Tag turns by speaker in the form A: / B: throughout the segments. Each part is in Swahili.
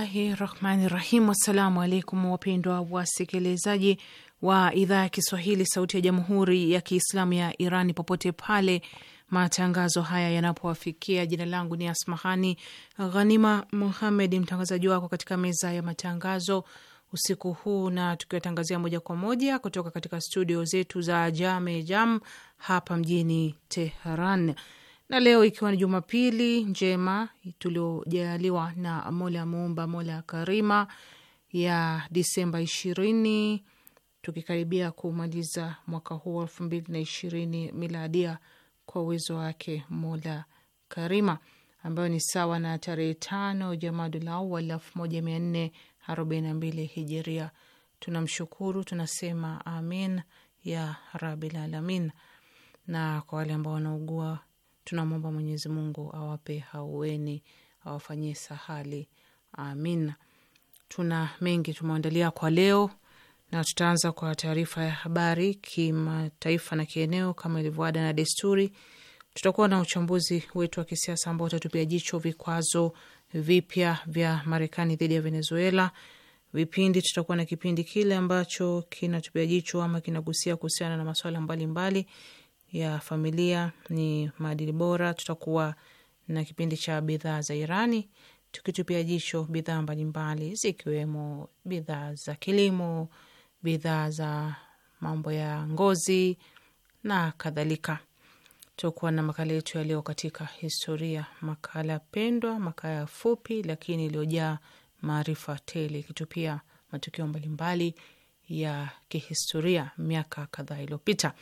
A: Bismillahi rahmani rahim. Assalamu alaikum wapendwa wasikilizaji wa idhaa ya Kiswahili sauti ya jamhuri ya Kiislamu ya Iran popote pale matangazo haya yanapowafikia. Jina langu ni Asmahani Ghanima Muhamed, mtangazaji wako katika meza ya matangazo usiku huu, na tukiwatangazia moja kwa moja kutoka katika studio zetu za Jame Jam hapa mjini Teheran na leo ikiwa ni Jumapili njema tuliojaliwa na Mola Muumba, Mola Karima, ya Disemba ishirini, tukikaribia kumaliza mwaka huu elfu mbili na ishirini miladia kwa uwezo wake Mola Karima, ambayo ni sawa na tarehe tano Jamadul Awal elfu moja mia nne arobaini na mbili Hijiria. Tunamshukuru, tunasema amin ya rabil alamin, na kwa wale ambao wanaugua Tunamwomba Mwenyezi Mungu awape haueni, awafanyie sahali, Amin. Tuna mengi tumeandalia kwa leo, na tutaanza kwa taarifa ya habari kimataifa na kieneo kama ilivyoada na desturi. Tutakuwa na uchambuzi wetu wa kisiasa ambao utatupia jicho vikwazo vipya vya Marekani dhidi ya Venezuela. Vipindi tutakuwa na kipindi kile ambacho kinatupia jicho ama kinagusia kuhusiana na maswala mbalimbali mbali ya familia ni maadili bora. Tutakuwa na kipindi cha bidhaa za Irani tukitupia jicho bidhaa mbalimbali zikiwemo bidhaa za kilimo, bidhaa za mambo ya ngozi na kadhalika. Tutakuwa na makala yetu yaliyo katika historia, makala pendwa, makala fupi lakini iliyojaa maarifa tele, ikitupia matukio mbalimbali ya kihistoria miaka kadhaa iliyopita.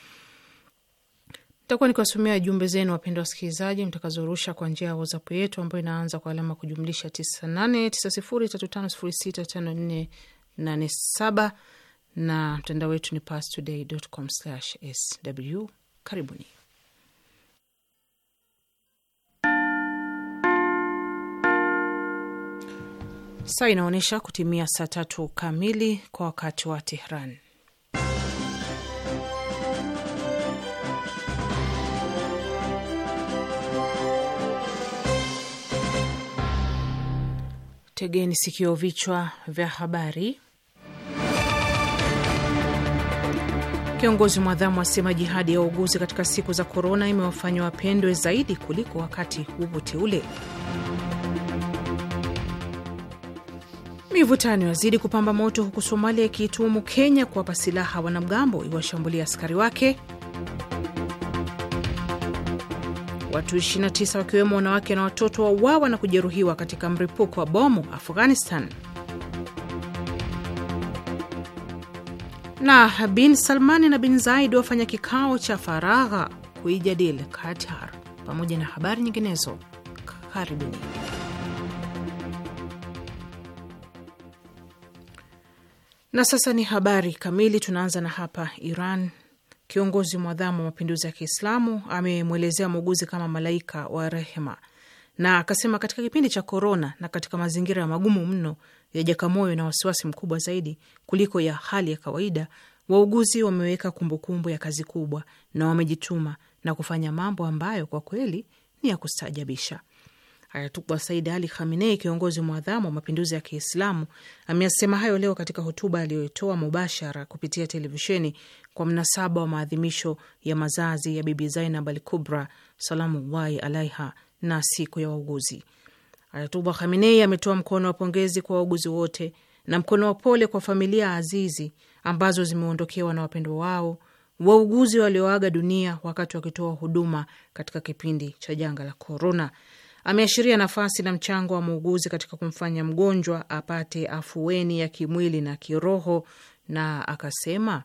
A: Nitakuwa nikiwasomea jumbe zenu wapendwa wasikilizaji, mtakazorusha kwa njia ya WhatsApp yetu ambayo inaanza kwa alama kujumlisha 989035065487 na mtandao wetu ni pastoday.com/sw. Karibuni. Saa inaonyesha kutimia saa tatu kamili kwa wakati wa Tehran. Tegeni sikio, vichwa vya habari. Kiongozi mwadhamu asema jihadi ya wauguzi katika siku za korona imewafanya wapendwe zaidi kuliko wakati wowote ule. Mivutano yazidi kupamba moto huku Somalia ikiituhumu Kenya kuwapa silaha wanamgambo iwashambulia askari wake. Watu 29 wakiwemo wanawake na watoto wauawa na kujeruhiwa katika mripuko wa bomu Afghanistan. Na bin Salmani na bin Zaid wafanya kikao cha faragha kuijadili Qatar, pamoja na habari nyinginezo. Karibuni. Na sasa ni habari kamili. Tunaanza na hapa Iran Kiongozi mwadhamu wa mapinduzi ya Kiislamu amemwelezea muuguzi kama malaika wa rehema, na akasema katika kipindi cha korona na katika mazingira ya magumu mno ya Jakamoyo na wasiwasi mkubwa zaidi kuliko ya hali ya kawaida, wauguzi wameweka kumbukumbu ya kazi kubwa na wamejituma na kufanya mambo ambayo kwa kweli ni ya kustaajabisha. Ayatullah Said Ali Khamenei, kiongozi mwadhamu wa mapinduzi ya Kiislamu, ameyasema hayo leo katika hotuba aliyoitoa mubashara kupitia televisheni kwa mnasaba wa maadhimisho ya mazazi ya Bibi Zainab al Kubra salamullahi alaiha na siku ya wauguzi. Ayatullah Khamenei ametoa mkono wa pongezi kwa wauguzi wote na mkono wa pole kwa familia azizi ambazo zimeondokewa na wapendwa wao wauguzi walioaga dunia wakati wakitoa huduma katika kipindi cha janga la korona. Ameashiria nafasi na mchango wa muuguzi katika kumfanya mgonjwa apate afueni ya kimwili na kiroho, na akasema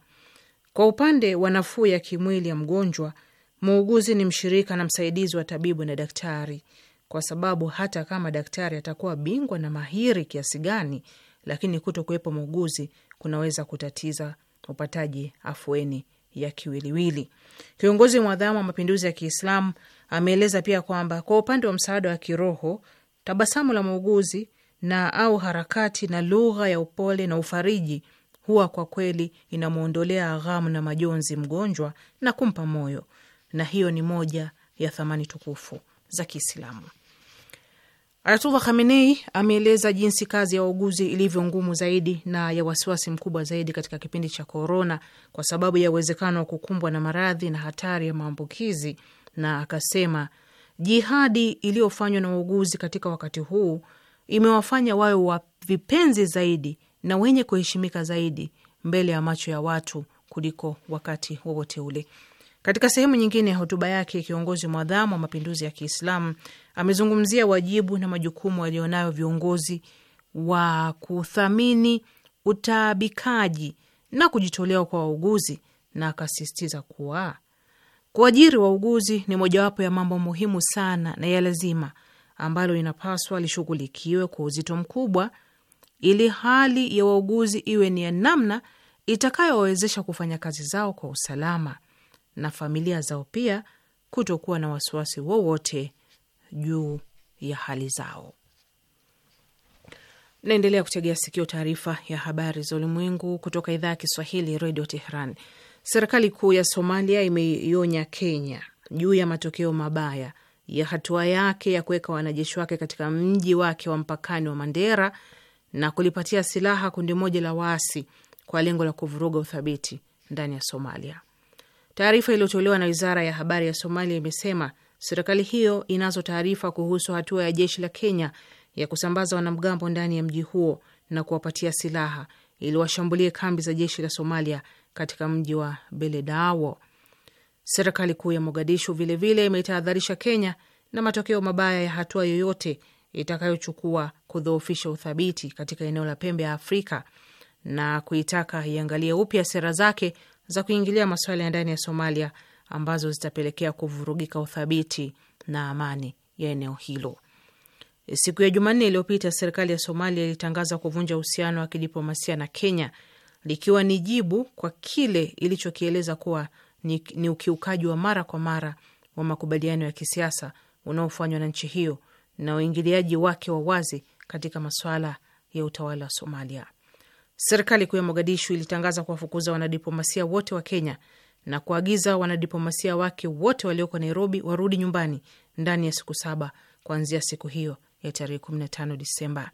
A: kwa upande wa nafuu ya kimwili ya mgonjwa, muuguzi ni mshirika na msaidizi wa tabibu na daktari, kwa sababu hata kama daktari atakuwa bingwa na mahiri kiasi gani, lakini kuto kuwepo muuguzi kunaweza kutatiza upataji afueni ya kiwiliwili. Kiongozi mwadhamu wa mapinduzi ya Kiislamu Ameeleza pia kwamba kwa upande wa msaada wa kiroho, tabasamu la muuguzi na au harakati na lugha ya upole na ufariji huwa kwa kweli inamwondolea ghamu na majonzi mgonjwa na kumpa moyo, na hiyo ni moja ya thamani tukufu za Kiislamu. Ayatullah Khamenei ameeleza jinsi kazi ya wauguzi ilivyo ngumu zaidi na ya wasiwasi mkubwa zaidi katika kipindi cha korona, kwa sababu ya uwezekano wa kukumbwa na maradhi na hatari ya maambukizi na akasema jihadi iliyofanywa na wauguzi katika wakati huu imewafanya wawe wa vipenzi zaidi na wenye kuheshimika zaidi mbele ya macho ya watu kuliko wakati wowote ule. Katika sehemu nyingine ya hotuba yake, kiongozi mwadhamu wa mapinduzi ya Kiislamu amezungumzia wajibu na majukumu walionayo viongozi wa kuthamini utaabikaji na kujitolewa kwa wauguzi, na akasisitiza kuwa Kuajiri wauguzi ni mojawapo ya mambo muhimu sana na ya lazima ambalo inapaswa lishughulikiwe kwa uzito mkubwa, ili hali ya wauguzi iwe ni ya namna itakayowawezesha kufanya kazi zao kwa usalama na familia zao pia kutokuwa na wasiwasi wowote juu ya hali zao. Naendelea kutegea sikio taarifa ya habari za ulimwengu kutoka idhaa ya Kiswahili, Redio Tehran. Serikali kuu ya Somalia imeionya Kenya juu ya matokeo mabaya ya hatua yake ya kuweka wanajeshi wake katika mji wake wa mpakani wa Mandera na kulipatia silaha kundi moja la waasi kwa lengo la kuvuruga uthabiti ndani ya Somalia. Taarifa iliyotolewa na wizara ya habari ya Somalia imesema serikali hiyo inazo taarifa kuhusu hatua ya jeshi la Kenya ya kusambaza wanamgambo ndani ya mji huo na kuwapatia silaha ili washambulie kambi za jeshi la Somalia katika mji wa Beledawo. Serikali kuu ya Mogadishu vilevile imetahadharisha Kenya na matokeo mabaya ya hatua yoyote itakayochukua kudhoofisha uthabiti katika eneo la pembe ya Afrika na kuitaka iangalie upya sera zake za kuingilia masuala ya ndani ya Somalia ambazo zitapelekea kuvurugika uthabiti na amani ya eneo hilo. Siku ya Jumanne iliyopita serikali ya Somalia ilitangaza kuvunja uhusiano wa kidiplomasia na Kenya likiwa ni jibu kwa kile ilichokieleza kuwa ni, ni ukiukaji wa mara kwa mara wa makubaliano ya kisiasa unaofanywa na nchi hiyo na uingiliaji wake wa wazi katika masuala ya utawala wa Somalia. Serikali kuu ya Mogadishu ilitangaza kuwafukuza wanadiplomasia wote wa Kenya na kuagiza wanadiplomasia wake wote walioko Nairobi warudi nyumbani ndani ya siku saba kuanzia siku hiyo ya tarehe 15 Disemba.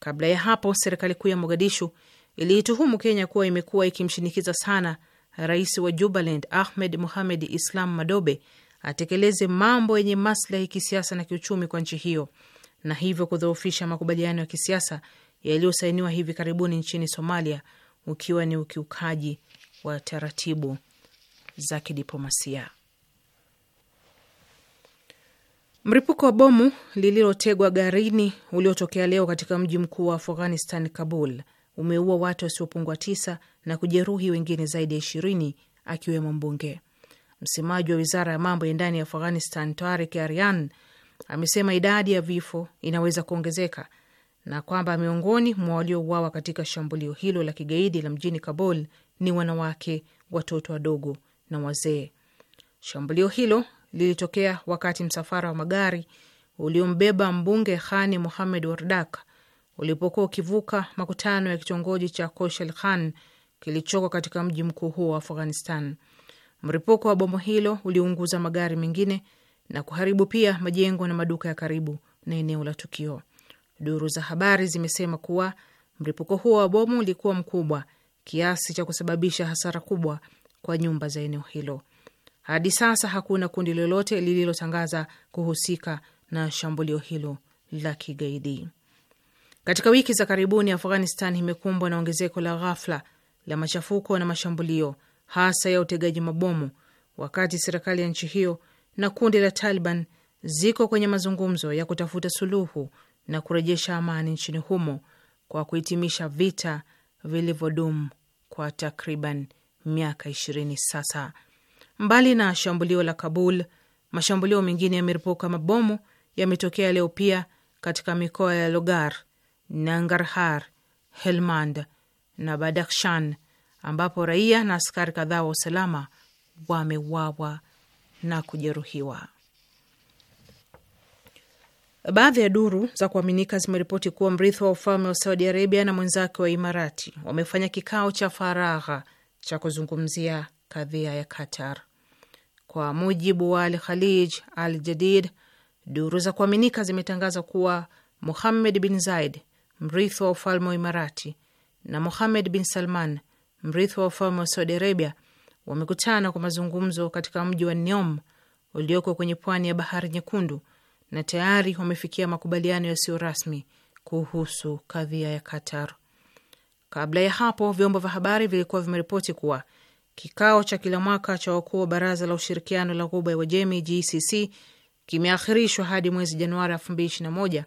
A: Kabla ya hapo, serikali kuu ya Mogadishu iliituhumu Kenya kuwa imekuwa ikimshinikiza sana rais wa Jubaland Ahmed Mohamed Islam Madobe atekeleze mambo yenye maslahi kisiasa na kiuchumi kwa nchi hiyo na hivyo kudhoofisha makubaliano ya kisiasa yaliyosainiwa hivi karibuni nchini Somalia, ukiwa ni ukiukaji wa taratibu za kidiplomasia. Mripuko wa bomu lililotegwa garini uliotokea leo katika mji mkuu wa Afghanistan, Kabul, umeua watu wasiopungua tisa na kujeruhi wengine zaidi ya ishirini akiwemo mbunge. Msemaji wa wizara ya mambo ya ndani ya Afghanistan, Tarik Arian, amesema idadi ya vifo inaweza kuongezeka na kwamba miongoni mwa waliouawa katika shambulio hilo la kigaidi la mjini Kabul ni wanawake, watoto wadogo na wazee. Shambulio hilo lilitokea wakati msafara wa magari uliombeba mbunge Hani Muhamed Wardak ulipokuwa ukivuka makutano ya kitongoji cha Koshel Khan kilichoko katika mji mkuu huo wa Afghanistan. Mripuko wa bomu hilo uliunguza magari mengine na kuharibu pia majengo na maduka ya karibu na eneo la tukio. Duru za habari zimesema kuwa mripuko huo wa bomu ulikuwa mkubwa kiasi cha kusababisha hasara kubwa kwa nyumba za eneo hilo. Hadi sasa hakuna kundi lolote lililotangaza kuhusika na shambulio hilo la kigaidi. Katika wiki za karibuni, Afghanistan imekumbwa na ongezeko la ghafla la machafuko na mashambulio hasa ya utegaji mabomu, wakati serikali ya nchi hiyo na kundi la Taliban ziko kwenye mazungumzo ya kutafuta suluhu na kurejesha amani nchini humo kwa kuhitimisha vita vilivyodumu kwa takriban miaka ishirini sasa. Mbali na shambulio la Kabul, mashambulio mengine ya mabomu yametokea leo pia katika mikoa ya Logar, Nangarhar, Helmand na Badakhshan, ambapo raia na askari kadhaa wa usalama wameuawa na kujeruhiwa. Baadhi ya duru za kuaminika zimeripoti kuwa mrithi wa ufalme wa Saudi Arabia na mwenzake wa Imarati wamefanya kikao cha faragha cha kuzungumzia kadhia ya Qatar. Kwa mujibu wa Al Khalij Al Jadid, duru za kuaminika zimetangaza kuwa Muhammed bin Zaid mrithi wa ufalme wa Imarati, na Mohamed bin Salman, mrithi wa ufalme wa Saudi Arabia, wamekutana kwa mazungumzo katika mji wa Neom ulioko kwenye pwani ya bahari Nyekundu, na tayari wamefikia makubaliano yasiyo rasmi kuhusu kadhia ya Qatar. Kabla ya hapo, vyombo vya habari vilikuwa vimeripoti kuwa kikao cha kila mwaka cha wakuu wa baraza la ushirikiano la ghuba ya Uajemi GCC kimeakhirishwa hadi mwezi Januari 2021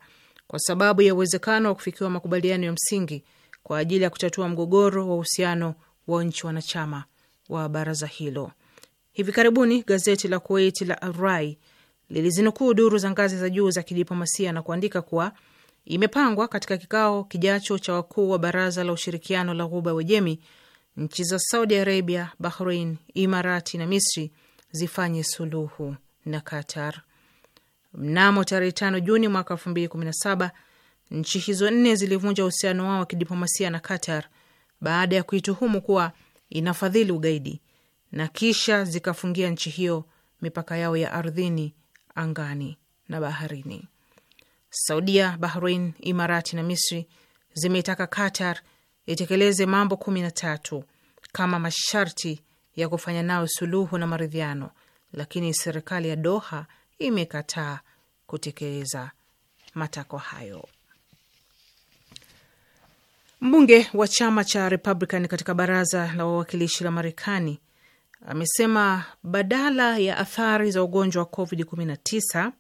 A: kwa sababu ya uwezekano wa kufikiwa makubaliano ya msingi kwa ajili ya kutatua mgogoro wa uhusiano wa nchi wanachama wa baraza hilo. Hivi karibuni gazeti la Kuwait la Arai lilizinukuu duru za ngazi za juu za kidiplomasia na kuandika kuwa imepangwa katika kikao kijacho cha wakuu wa baraza la ushirikiano la Ghuba Wajemi, nchi za Saudi Arabia, Bahrain, Imarati na Misri zifanye suluhu na Qatar. Mnamo tarehe tano Juni mwaka elfu mbili kumi na saba nchi hizo nne zilivunja uhusiano wao wa kidiplomasia na Qatar baada ya kuituhumu kuwa inafadhili ugaidi na kisha zikafungia nchi hiyo mipaka yao ya ardhini, angani na baharini. Saudia, Bahrain, Imarati na Misri zimeitaka Qatar itekeleze mambo kumi na tatu kama masharti ya kufanya nayo suluhu na maridhiano, lakini serikali ya Doha imekataa kutekeleza matakwa hayo. Mbunge wa chama cha Republican katika baraza la wawakilishi la Marekani amesema badala ya athari za ugonjwa wa COVID-19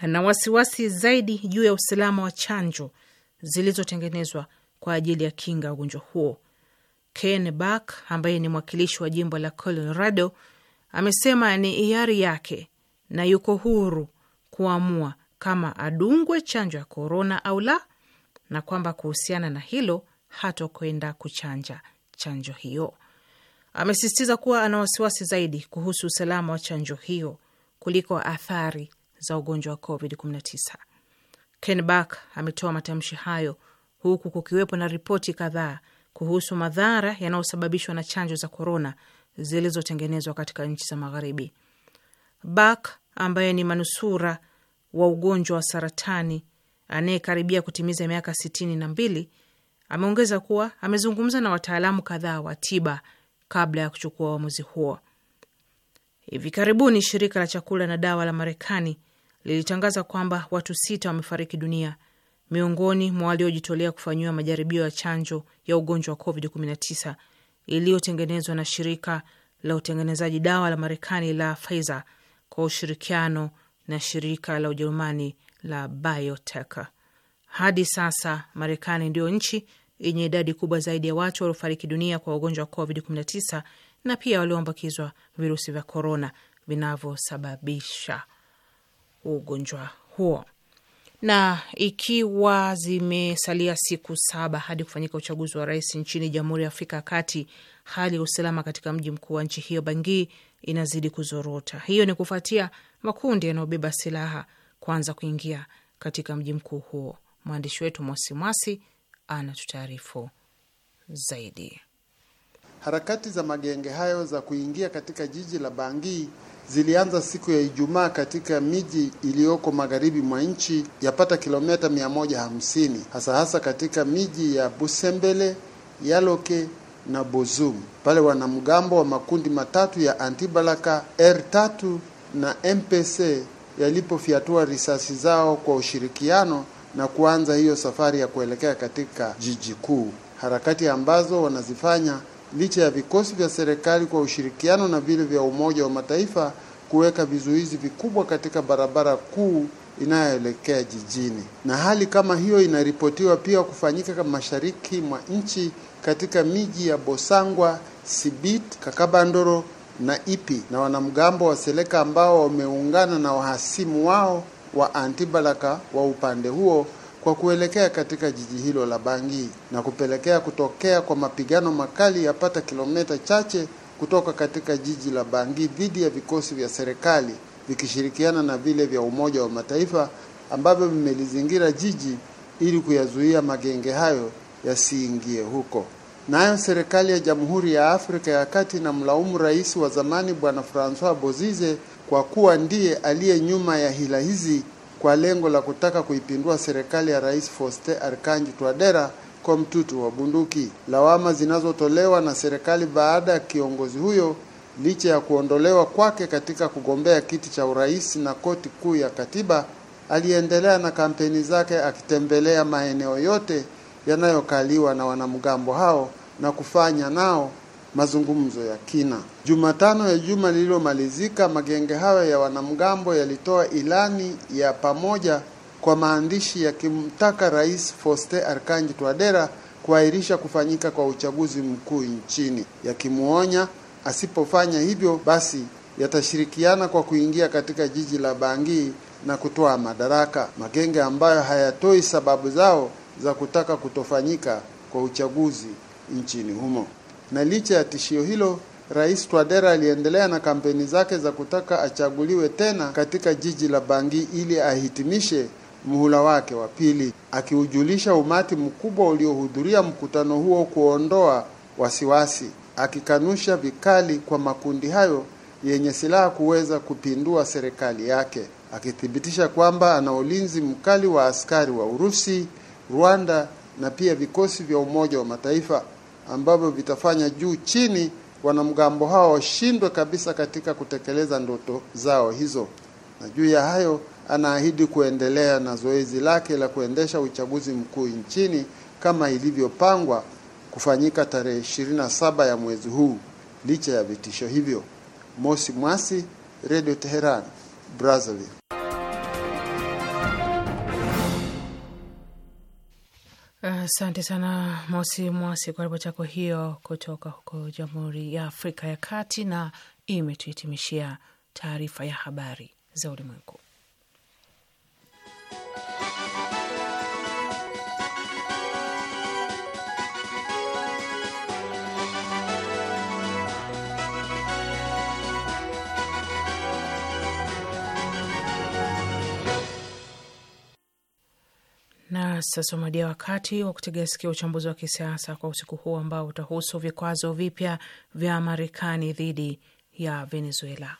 A: ana wasiwasi zaidi juu ya usalama wa chanjo zilizotengenezwa kwa ajili ya kinga ya ugonjwa huo. Ken Buck ambaye ni mwakilishi wa jimbo la Colorado amesema ni hiari yake na yuko huru kuamua kama adungwe chanjo ya korona au la, na kwamba kuhusiana na hilo hatokwenda kuchanja chanjo hiyo. Amesisitiza kuwa ana wasiwasi zaidi kuhusu usalama wa chanjo hiyo kuliko athari za ugonjwa wa COVID-19. Ken Bark ametoa matamshi hayo huku kukiwepo na ripoti kadhaa kuhusu madhara yanayosababishwa na chanjo za korona zilizotengenezwa katika nchi za Magharibi. Bak ambaye ni manusura wa ugonjwa wa saratani anayekaribia kutimiza miaka sitini na mbili ameongeza kuwa amezungumza na wataalamu kadhaa wa tiba kabla ya kuchukua uamuzi huo. Hivi karibuni shirika la chakula na dawa la Marekani lilitangaza kwamba watu sita wamefariki dunia miongoni mwa waliojitolea kufanyiwa majaribio ya chanjo ya ugonjwa wa COVID-19 iliyotengenezwa na shirika la utengenezaji dawa la Marekani la Pfizer kwa ushirikiano na shirika la Ujerumani la BioNTech. Hadi sasa Marekani ndiyo nchi yenye idadi kubwa zaidi ya watu waliofariki dunia kwa ugonjwa wa COVID-19 na pia walioambukizwa virusi vya korona vinavyosababisha ugonjwa huo. Na ikiwa zimesalia siku saba hadi kufanyika uchaguzi wa rais nchini Jamhuri ya Afrika ya Kati, hali ya usalama katika mji mkuu wa nchi hiyo Bangui inazidi kuzorota. Hiyo ni kufuatia makundi yanayobeba silaha kuanza kuingia katika mji mkuu huo. Mwandishi wetu Mwasimwasi anatutaarifu
B: zaidi. Harakati za magenge hayo za kuingia katika jiji la bangi zilianza siku ya Ijumaa katika miji iliyoko magharibi mwa nchi yapata kilomita 150 hasa hasa katika miji ya Busembele, Yaloke, na Bozum pale wanamgambo wa makundi matatu ya Antibalaka R3 na MPC yalipofyatua risasi zao kwa ushirikiano na kuanza hiyo safari ya kuelekea katika jiji kuu, harakati ambazo wanazifanya licha ya vikosi vya serikali kwa ushirikiano na vile vya Umoja wa Mataifa kuweka vizuizi vikubwa katika barabara kuu inayoelekea jijini. Na hali kama hiyo inaripotiwa pia kufanyika mashariki mwa nchi katika miji ya Bosangwa, Sibit, Kakabandoro na Ipi na wanamgambo wa Seleka ambao wameungana na wahasimu wao wa Antibalaka wa upande huo kwa kuelekea katika jiji hilo la Bangi na kupelekea kutokea kwa mapigano makali yapata kilomita chache kutoka katika jiji la Bangi dhidi ya vikosi vya serikali vikishirikiana na vile vya Umoja wa Mataifa ambavyo vimelizingira jiji ili kuyazuia magenge hayo yasiingie huko. Nayo serikali ya Jamhuri ya Afrika ya Kati na mlaumu rais wa zamani Bwana Francois Bozize kwa kuwa ndiye aliye nyuma ya hila hizi kwa lengo la kutaka kuipindua serikali ya Rais Faustin Archange Touadera kwa mtutu wa bunduki. Lawama zinazotolewa na serikali baada ya kiongozi huyo licha ya kuondolewa kwake katika kugombea kiti cha urais na koti kuu ya katiba, aliendelea na kampeni zake akitembelea maeneo yote yanayokaliwa na wanamgambo hao na kufanya nao mazungumzo ya kina. Jumatano ya juma lililomalizika, magenge hayo ya wanamgambo yalitoa ilani ya pamoja kwa maandishi yakimtaka Rais Faustin Archange Touadera kuahirisha kufanyika kwa uchaguzi mkuu nchini, yakimwonya asipofanya hivyo basi yatashirikiana kwa kuingia katika jiji la Bangui na kutoa madaraka. Magenge ambayo hayatoi sababu zao za kutaka kutofanyika kwa uchaguzi nchini humo. Na licha ya tishio hilo, Rais Twadera aliendelea na kampeni zake za kutaka achaguliwe tena katika jiji la Bangi ili ahitimishe muhula wake wa pili, akiujulisha umati mkubwa uliohudhuria mkutano huo kuondoa wasiwasi, akikanusha vikali kwa makundi hayo yenye silaha kuweza kupindua serikali yake, akithibitisha kwamba ana ulinzi mkali wa askari wa Urusi, Rwanda na pia vikosi vya Umoja wa Mataifa ambavyo vitafanya juu chini wanamgambo hao washindwe kabisa katika kutekeleza ndoto zao hizo. Na juu ya hayo, anaahidi kuendelea na zoezi lake la kuendesha uchaguzi mkuu nchini kama ilivyopangwa kufanyika tarehe 27 ya mwezi huu licha ya vitisho hivyo. Mosi Mwasi, Radio Teheran, Brazzaville.
A: Eh, asante uh, sana Mosi Mwasi kwa ripoti yako hiyo kutoka huko Jamhuri ya Afrika ya Kati, na imetuhitimishia taarifa ya habari za ulimwengu. Na sasa umewadia wakati wa kutegea sikio uchambuzi wa kisiasa kwa usiku huu ambao utahusu vikwazo vipya vya Marekani dhidi ya Venezuela.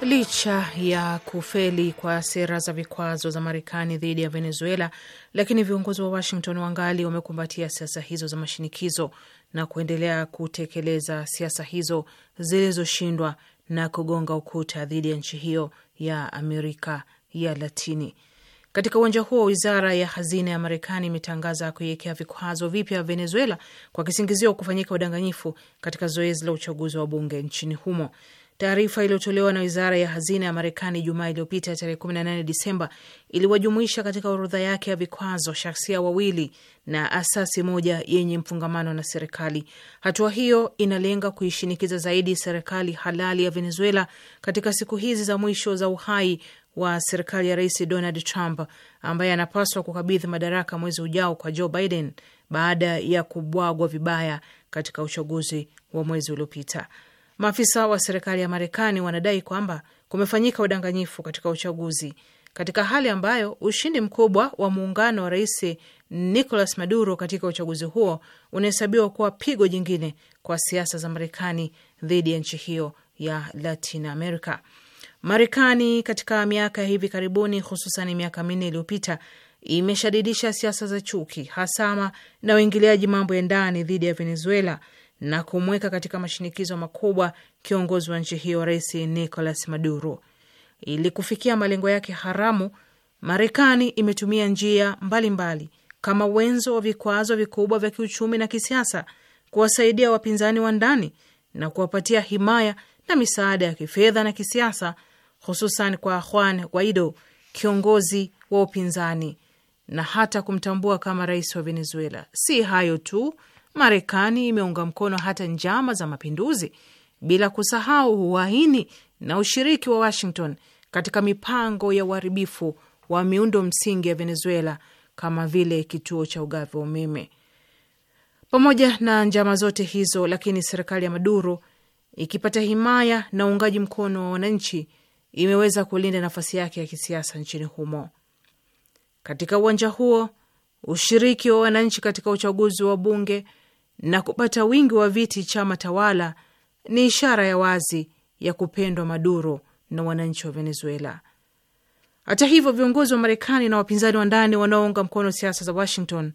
A: Licha ya kufeli kwa sera za vikwazo za Marekani dhidi ya Venezuela, lakini viongozi wa Washington wangali wamekumbatia siasa hizo za mashinikizo na kuendelea kutekeleza siasa hizo zilizoshindwa na kugonga ukuta dhidi ya nchi hiyo ya Amerika ya Latini. Katika uwanja huo, wizara ya hazina ya Marekani imetangaza kuiwekea vikwazo vipya Venezuela kwa kisingizio kufanyika udanganyifu katika zoezi la uchaguzi wa bunge nchini humo. Taarifa iliyotolewa na wizara ya hazina ya Marekani Jumaa iliyopita tarehe 18 Disemba iliwajumuisha katika orodha yake ya vikwazo shahsia wawili na asasi moja yenye mfungamano na serikali. Hatua hiyo inalenga kuishinikiza zaidi serikali halali ya Venezuela katika siku hizi za mwisho za uhai wa serikali ya Rais Donald Trump ambaye anapaswa kukabidhi madaraka mwezi ujao kwa Joe Biden baada ya kubwagwa vibaya katika uchaguzi wa mwezi uliopita. Maafisa wa serikali ya Marekani wanadai kwamba kumefanyika udanganyifu katika uchaguzi katika hali ambayo ushindi mkubwa wa muungano wa rais Nicolas Maduro katika uchaguzi huo unahesabiwa kuwa pigo jingine kwa siasa za Marekani dhidi ya nchi hiyo ya Latin America. Marekani katika miaka ya hivi karibuni, hususan miaka minne iliyopita, imeshadidisha siasa za chuki, hasama na uingiliaji mambo ya ndani dhidi ya Venezuela na kumweka katika mashinikizo makubwa kiongozi wa nchi hiyo, Rais Nicolas Maduro. Ili kufikia malengo yake haramu, Marekani imetumia njia mbalimbali mbali, kama wenzo wa vikwazo vikubwa vya kiuchumi na kisiasa kuwasaidia wapinzani wa ndani na kuwapatia himaya na misaada ya kifedha na kisiasa, hususan kwa Juan Guaido, kiongozi wa upinzani, na hata kumtambua kama rais wa Venezuela. Si hayo tu Marekani imeunga mkono hata njama za mapinduzi, bila kusahau uhaini na ushiriki wa Washington katika mipango ya uharibifu wa miundo msingi ya Venezuela kama vile kituo cha ugavi wa umeme. Pamoja na njama zote hizo, lakini serikali ya Maduro ikipata himaya na uungaji mkono wa wananchi imeweza kulinda nafasi yake ya kisiasa nchini humo. Katika uwanja huo, ushiriki wa wananchi katika uchaguzi wa bunge na kupata wingi wa viti chama tawala ni ishara ya wazi ya kupendwa Maduro na wananchi wa Venezuela. Hata hivyo, viongozi wa Marekani na wapinzani wa ndani wanaounga mkono siasa za Washington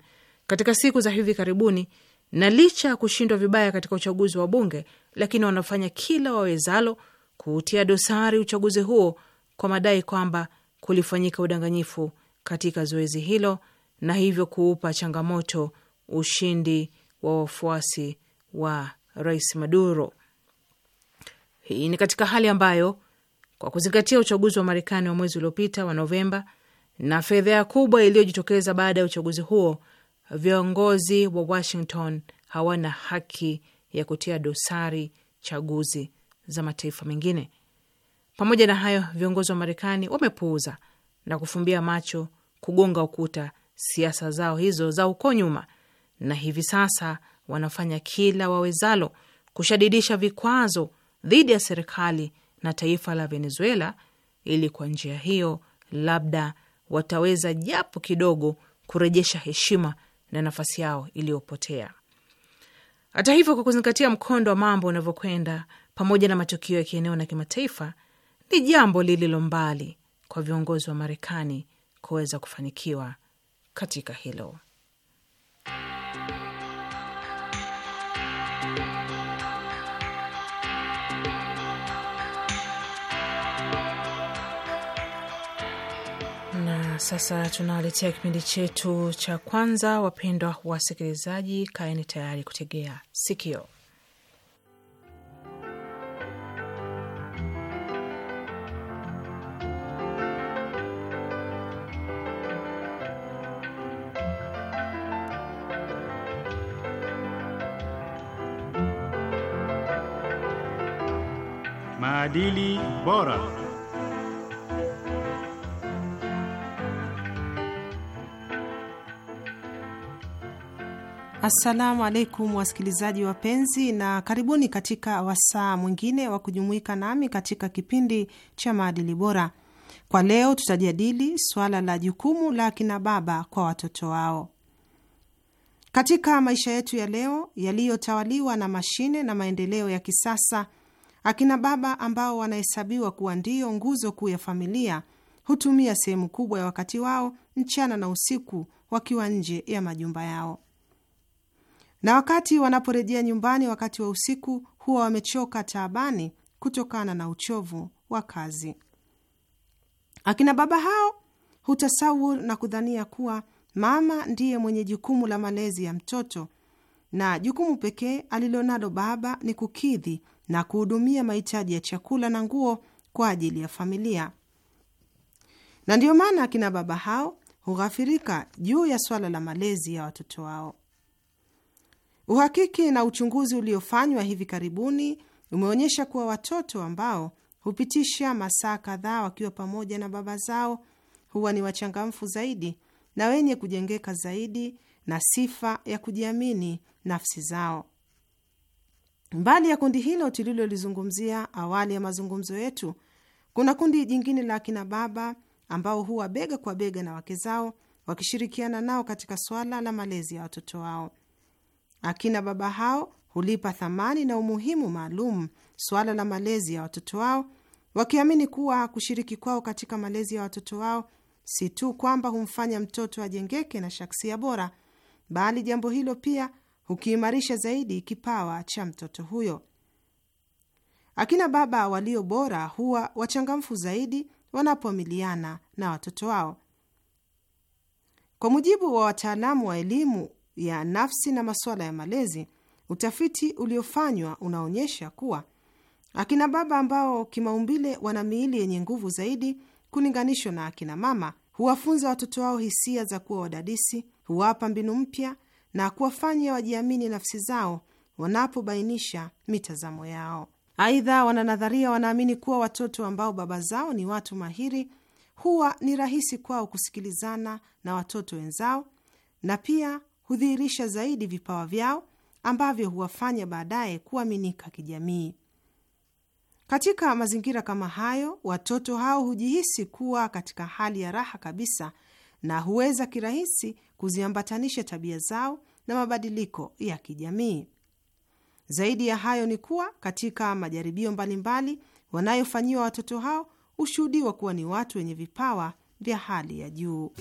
A: katika siku za hivi karibuni, na licha ya kushindwa vibaya katika uchaguzi wa bunge, lakini wanafanya kila wawezalo kuutia dosari uchaguzi huo kwa madai kwamba kulifanyika udanganyifu katika zoezi hilo na hivyo kuupa changamoto ushindi wa wafuasi wa rais Maduro. Hii ni katika hali ambayo kwa kuzingatia uchaguzi wa Marekani wa mwezi uliopita wa Novemba na fedheha kubwa iliyojitokeza baada ya uchaguzi huo, viongozi wa Washington hawana haki ya kutia dosari chaguzi za mataifa mengine. Pamoja na hayo, viongozi wa Marekani wamepuuza na kufumbia macho kugonga ukuta siasa zao hizo za uko nyuma na hivi sasa wanafanya kila wawezalo kushadidisha vikwazo dhidi ya serikali na taifa la Venezuela ili kwa njia hiyo labda wataweza japo kidogo kurejesha heshima na nafasi yao iliyopotea. Hata hivyo, kwa kuzingatia mkondo wa mambo unavyokwenda pamoja na matukio ya kieneo na kimataifa, ni jambo lililo mbali kwa viongozi wa Marekani kuweza kufanikiwa katika hilo. sasa tunawaletea kipindi chetu cha kwanza. Wapendwa wasikilizaji, kaeni tayari kutegea sikio.
B: Maadili bora.
C: Assalamu alaikum wasikilizaji wapenzi, na karibuni katika wasaa mwingine wa kujumuika nami katika kipindi cha maadili bora. Kwa leo tutajadili suala la jukumu la akina baba kwa watoto wao katika maisha yetu ya leo yaliyotawaliwa na mashine na maendeleo ya kisasa. Akina baba ambao wanahesabiwa kuwa ndiyo nguzo kuu ya familia hutumia sehemu kubwa ya wakati wao mchana na usiku wakiwa nje ya majumba yao na wakati wanaporejea nyumbani wakati wa usiku huwa wamechoka taabani kutokana na uchovu wa kazi. Akina baba hao hutasawur na kudhania kuwa mama ndiye mwenye jukumu la malezi ya mtoto na jukumu pekee alilonalo baba ni kukidhi na kuhudumia mahitaji ya chakula na nguo kwa ajili ya familia, na ndiyo maana akina baba hao hughafirika juu ya swala la malezi ya watoto wao. Uhakiki na uchunguzi uliofanywa hivi karibuni umeonyesha kuwa watoto ambao hupitisha masaa kadhaa wakiwa pamoja na baba zao huwa ni wachangamfu zaidi na wenye kujengeka zaidi na sifa ya kujiamini nafsi zao. Mbali ya kundi hilo tulilolizungumzia awali ya mazungumzo yetu, kuna kundi jingine la akina baba ambao huwa bega kwa bega na wake zao wakishirikiana nao katika swala la malezi ya watoto wao. Akina baba hao hulipa thamani na umuhimu maalum suala la malezi ya watoto wao, wakiamini kuwa kushiriki kwao katika malezi ya watoto wao si tu kwamba humfanya mtoto ajengeke na shaksia bora, bali jambo hilo pia hukiimarisha zaidi kipawa cha mtoto huyo. Akina baba walio bora huwa wachangamfu zaidi wanapoamiliana na watoto wao. Kwa mujibu wa wataalamu wa elimu ya nafsi na masuala ya malezi, utafiti uliofanywa unaonyesha kuwa akina baba ambao kimaumbile wana miili yenye nguvu zaidi kulinganishwa na akina mama huwafunza watoto wao hisia za kuwa wadadisi, huwapa mbinu mpya na kuwafanya wajiamini nafsi zao wanapobainisha mitazamo yao. Aidha, wananadharia wanaamini kuwa watoto ambao baba zao ni watu mahiri huwa ni rahisi kwao kusikilizana na watoto wenzao na pia hudhihirisha zaidi vipawa vyao ambavyo huwafanya baadaye kuaminika kijamii. Katika mazingira kama hayo, watoto hao hujihisi kuwa katika hali ya raha kabisa na huweza kirahisi kuziambatanisha tabia zao na mabadiliko ya kijamii. Zaidi ya hayo ni kuwa katika majaribio mbalimbali wanayofanyiwa watoto hao hushuhudiwa kuwa ni watu wenye vipawa vya hali ya juu.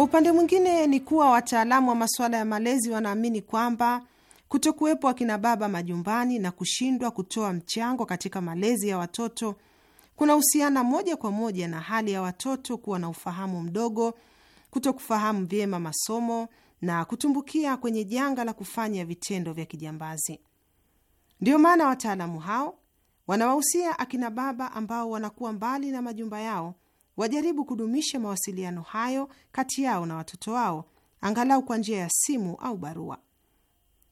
C: Kwa upande mwingine ni kuwa wataalamu wa masuala ya malezi wanaamini kwamba kutokuwepo akina baba majumbani na kushindwa kutoa mchango katika malezi ya watoto kuna husiana moja kwa moja na hali ya watoto kuwa na ufahamu mdogo, kutokufahamu vyema masomo na kutumbukia kwenye janga la kufanya vitendo vya kijambazi. Ndiyo maana wataalamu hao wanawahusia akina baba ambao wanakuwa mbali na majumba yao wajaribu kudumisha mawasiliano hayo kati yao na watoto wao angalau kwa njia ya simu au barua.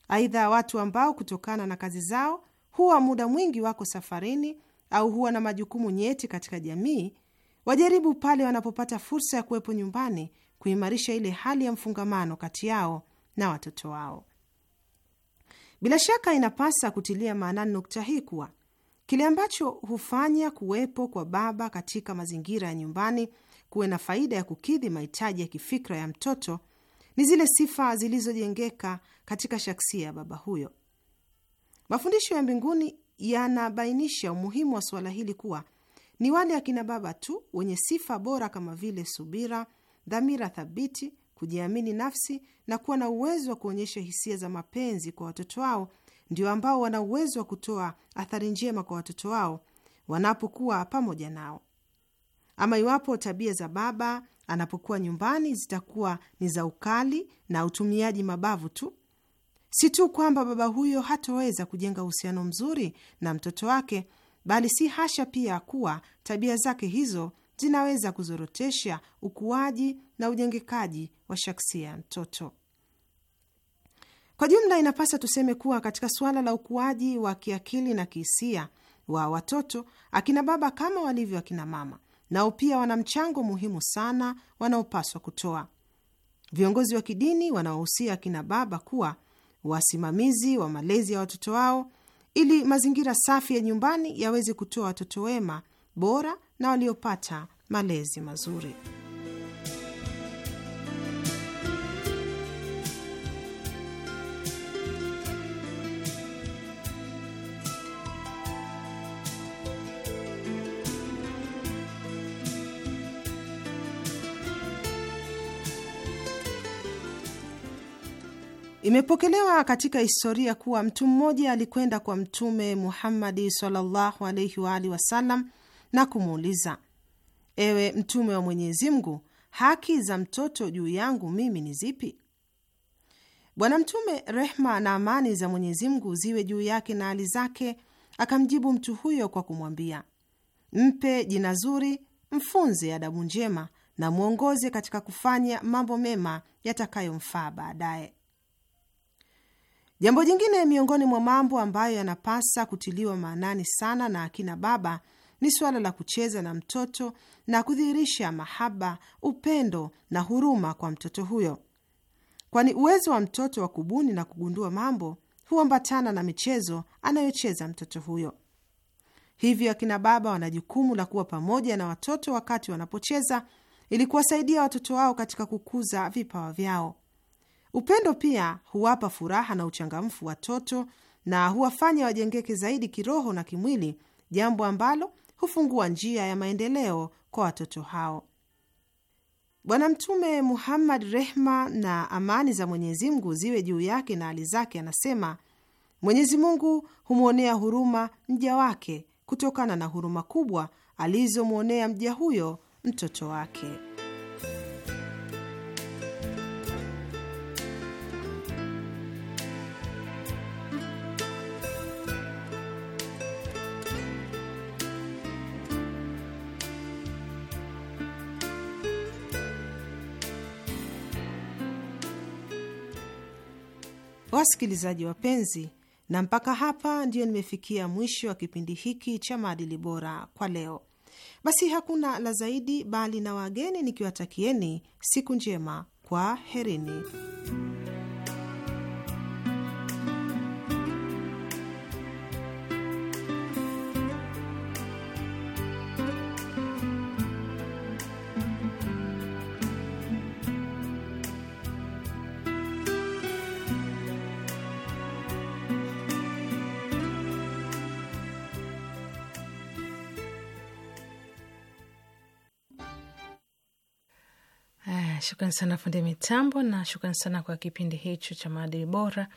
C: Aidha, watu ambao kutokana na kazi zao huwa muda mwingi wako safarini au huwa na majukumu nyeti katika jamii, wajaribu pale wanapopata fursa ya kuwepo nyumbani kuimarisha ile hali ya mfungamano kati yao na watoto wao. Bila shaka inapasa kutilia maanani nukta hii kuwa Kile ambacho hufanya kuwepo kwa baba katika mazingira ya nyumbani kuwe na faida ya kukidhi mahitaji ya kifikra ya mtoto ni zile sifa zilizojengeka katika shaksia ya baba huyo. Mafundisho ya mbinguni yanabainisha umuhimu wa suala hili kuwa ni wale akina baba tu wenye sifa bora kama vile subira, dhamira thabiti, kujiamini nafsi na kuwa na uwezo wa kuonyesha hisia za mapenzi kwa watoto wao ndio ambao wana uwezo wa kutoa athari njema kwa watoto wao wanapokuwa pamoja nao. Ama iwapo tabia za baba anapokuwa nyumbani zitakuwa ni za ukali na utumiaji mabavu tu, si tu kwamba baba huyo hatoweza kujenga uhusiano mzuri na mtoto wake, bali si hasha pia kuwa tabia zake hizo zinaweza kuzorotesha ukuaji na ujengekaji wa shaksia ya mtoto. Kwa jumla, inapasa tuseme kuwa katika suala la ukuaji wa kiakili na kihisia wa watoto, akina baba kama walivyo akina mama, nao pia wana mchango muhimu sana wanaopaswa kutoa. Viongozi wa kidini wanawahusia akina baba kuwa wasimamizi wa malezi ya watoto wao ili mazingira safi ya nyumbani yaweze kutoa watoto wema, bora na waliopata malezi mazuri. Imepokelewa katika historia kuwa mtu mmoja alikwenda kwa Mtume Muhammadi sallallahu alaihi wa alihi wasallam na kumuuliza, ewe Mtume wa Mwenyezi Mungu, haki za mtoto juu yangu mimi ni zipi? Bwana Mtume, rehma na amani za Mwenyezi Mungu ziwe juu yake na hali zake, akamjibu mtu huyo kwa kumwambia, mpe jina zuri, mfunze adabu njema na mwongoze katika kufanya mambo mema yatakayomfaa baadaye. Jambo jingine miongoni mwa mambo ambayo yanapasa kutiliwa maanani sana na akina baba ni suala la kucheza na mtoto na kudhihirisha mahaba, upendo na huruma kwa mtoto huyo, kwani uwezo wa mtoto wa kubuni na kugundua mambo huambatana na michezo anayocheza mtoto huyo. Hivyo akina baba wana jukumu la kuwa pamoja na watoto wakati wanapocheza, ili kuwasaidia watoto wao katika kukuza vipawa vyao. Upendo pia huwapa furaha na uchangamfu watoto na huwafanya wajengeke zaidi kiroho na kimwili, jambo ambalo hufungua njia ya maendeleo kwa watoto hao. Bwana Mtume Muhammad, rehma na amani za Mwenyezi Mungu ziwe juu yake na hali zake, anasema Mwenyezi Mungu humwonea huruma mja wake kutokana na huruma kubwa alizomwonea mja huyo mtoto wake. Wasikilizaji wapenzi, na mpaka hapa ndiyo nimefikia mwisho wa kipindi hiki cha maadili bora kwa leo. Basi hakuna la zaidi, bali na wageni nikiwatakieni siku njema, kwa herini.
A: Shukran sana fundi mitambo, na shukran sana kwa kipindi hicho cha maadili bora.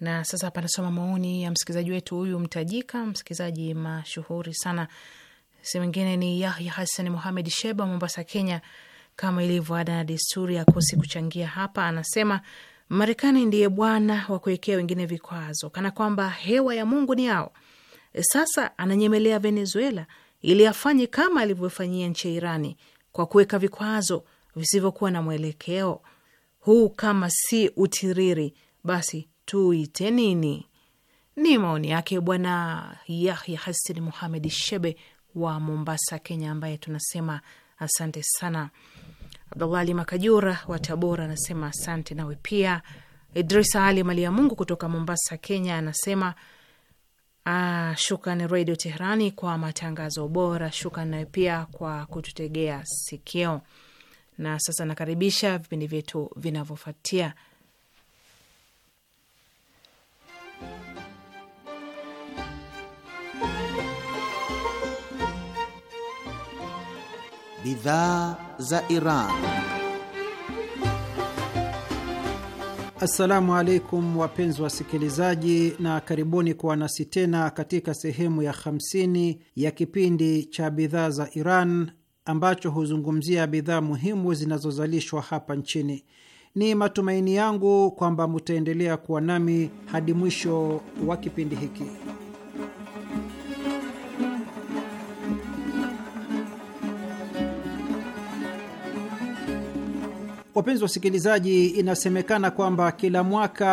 A: Na sasa hapa nasoma maoni ya msikilizaji wetu huyu mtajika, msikilizaji mashuhuri sana, si mwingine ni Yahya Hassan Muhamed Sheba, Mombasa, Kenya. Kama ilivyo ada na desturi, akosi kuchangia hapa. Anasema Marekani ndiye bwana wa kuwekea wengine vikwazo, kana kwamba hewa ya Mungu ni yao. Sasa ananyemelea Venezuela ili afanye kama alivyofanyia nchi ya Irani kwa kuweka vikwazo visivyokuwa na mwelekeo huu, kama si utiriri basi tuite nini? Ni maoni yake Bwana Yahya Hasin Muhamed Shebe wa Mombasa, Kenya, ambaye tunasema asante sana. Abdullah Ali Makajura wa Tabora anasema asante nawe pia. Idrisa Ali Mali ya Mungu kutoka Mombasa, Kenya anasema ah, shukrani Redio Teherani kwa matangazo bora. Shukrani nawe pia kwa kututegea sikio na sasa nakaribisha vipindi vyetu vinavyofuatia.
B: Bidhaa za Iran.
D: Assalamu alaikum wapenzi wasikilizaji, na karibuni kuwa nasi tena katika sehemu ya 50 ya kipindi cha bidhaa za Iran ambacho huzungumzia bidhaa muhimu zinazozalishwa hapa nchini. Ni matumaini yangu kwamba mutaendelea kuwa nami hadi mwisho wa kipindi hiki. Wapenzi wasikilizaji, inasemekana kwamba kila mwaka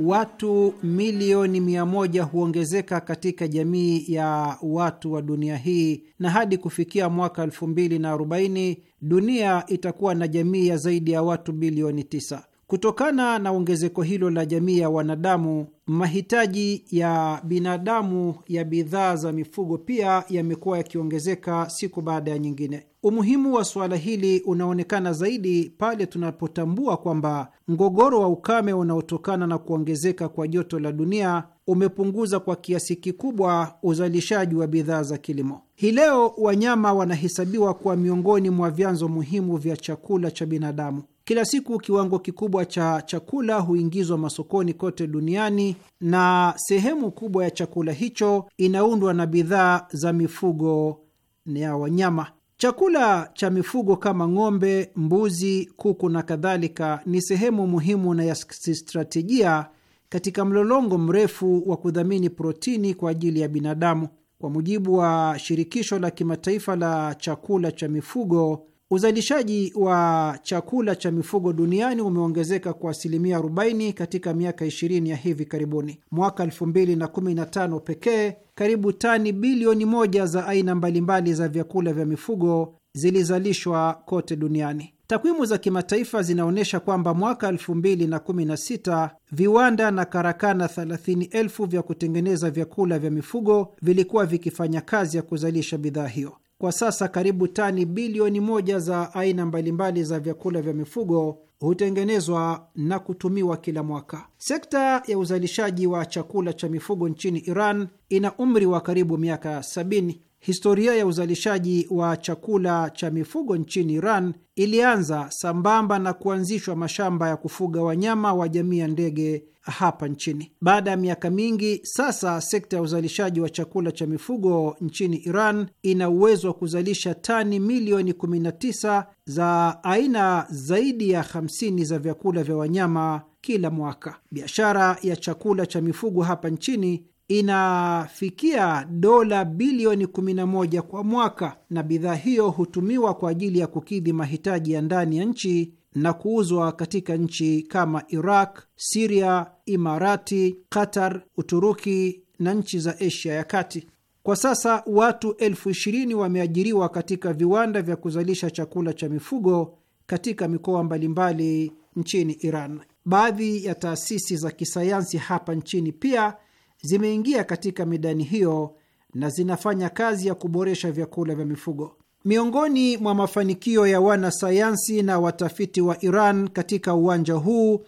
D: watu milioni mia moja huongezeka katika jamii ya watu wa dunia hii na hadi kufikia mwaka elfu mbili na arobaini dunia itakuwa na jamii ya zaidi ya watu bilioni tisa. Kutokana na ongezeko hilo la jamii ya wanadamu, Mahitaji ya binadamu ya bidhaa za mifugo pia yamekuwa yakiongezeka siku baada ya nyingine. Umuhimu wa suala hili unaonekana zaidi pale tunapotambua kwamba mgogoro wa ukame unaotokana na kuongezeka kwa joto la dunia umepunguza kwa kiasi kikubwa uzalishaji wa bidhaa za kilimo. Hii leo wanyama wanahesabiwa kuwa miongoni mwa vyanzo muhimu vya chakula cha binadamu. Kila siku kiwango kikubwa cha chakula huingizwa masokoni kote duniani na sehemu kubwa ya chakula hicho inaundwa na bidhaa za mifugo ya wanyama. Chakula cha mifugo kama ng'ombe, mbuzi, kuku na kadhalika ni sehemu muhimu na ya kistratejia katika mlolongo mrefu wa kudhamini protini kwa ajili ya binadamu. Kwa mujibu wa shirikisho la kimataifa la chakula cha mifugo Uzalishaji wa chakula cha mifugo duniani umeongezeka kwa asilimia 40 katika miaka 20 ya hivi karibuni. Mwaka 2015 pekee, karibu tani bilioni moja za aina mbalimbali za vyakula vya mifugo zilizalishwa kote duniani. Takwimu za kimataifa zinaonyesha kwamba mwaka 2016 viwanda na karakana 30,000 vya kutengeneza vyakula vya mifugo vilikuwa vikifanya kazi ya kuzalisha bidhaa hiyo. Kwa sasa karibu tani bilioni moja za aina mbalimbali za vyakula vya mifugo hutengenezwa na kutumiwa kila mwaka. Sekta ya uzalishaji wa chakula cha mifugo nchini Iran ina umri wa karibu miaka sabini. Historia ya uzalishaji wa chakula cha mifugo nchini Iran ilianza sambamba na kuanzishwa mashamba ya kufuga wanyama wa jamii ya ndege hapa nchini. Baada ya miaka mingi sasa, sekta ya uzalishaji wa chakula cha mifugo nchini Iran ina uwezo wa kuzalisha tani milioni 19 za aina zaidi ya 50 za vyakula vya wanyama kila mwaka. Biashara ya chakula cha mifugo hapa nchini inafikia dola bilioni 11 kwa mwaka, na bidhaa hiyo hutumiwa kwa ajili ya kukidhi mahitaji ya ndani ya nchi na kuuzwa katika nchi kama Iraq, Siria, Imarati, Qatar, Uturuki na nchi za Asia ya Kati. Kwa sasa watu elfu ishirini wameajiriwa katika viwanda vya kuzalisha chakula cha mifugo katika mikoa mbalimbali nchini Iran. Baadhi ya taasisi za kisayansi hapa nchini pia zimeingia katika midani hiyo na zinafanya kazi ya kuboresha vyakula vya mifugo. Miongoni mwa mafanikio ya wanasayansi na watafiti wa Iran katika uwanja huu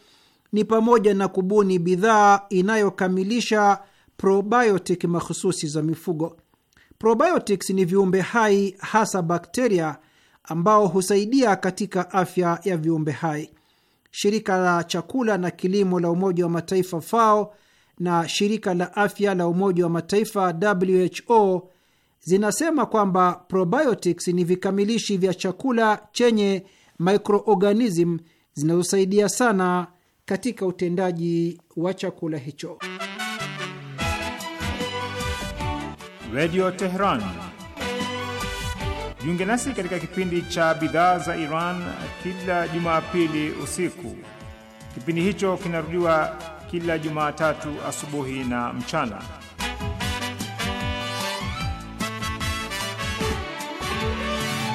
D: ni pamoja na kubuni bidhaa inayokamilisha probiotic makhususi za mifugo. Probiotics ni viumbe hai, hasa bakteria, ambao husaidia katika afya ya viumbe hai. Shirika la chakula na kilimo la Umoja wa Mataifa FAO na shirika la afya la Umoja wa Mataifa WHO zinasema kwamba probiotics ni vikamilishi vya chakula chenye microorganism zinazosaidia sana katika utendaji wa chakula hicho.
E: Redio Tehran, Jiunge nasi katika kipindi cha bidhaa za Iran kila Jumapili usiku. Kipindi hicho kinarudiwa kila Jumatatu asubuhi na mchana.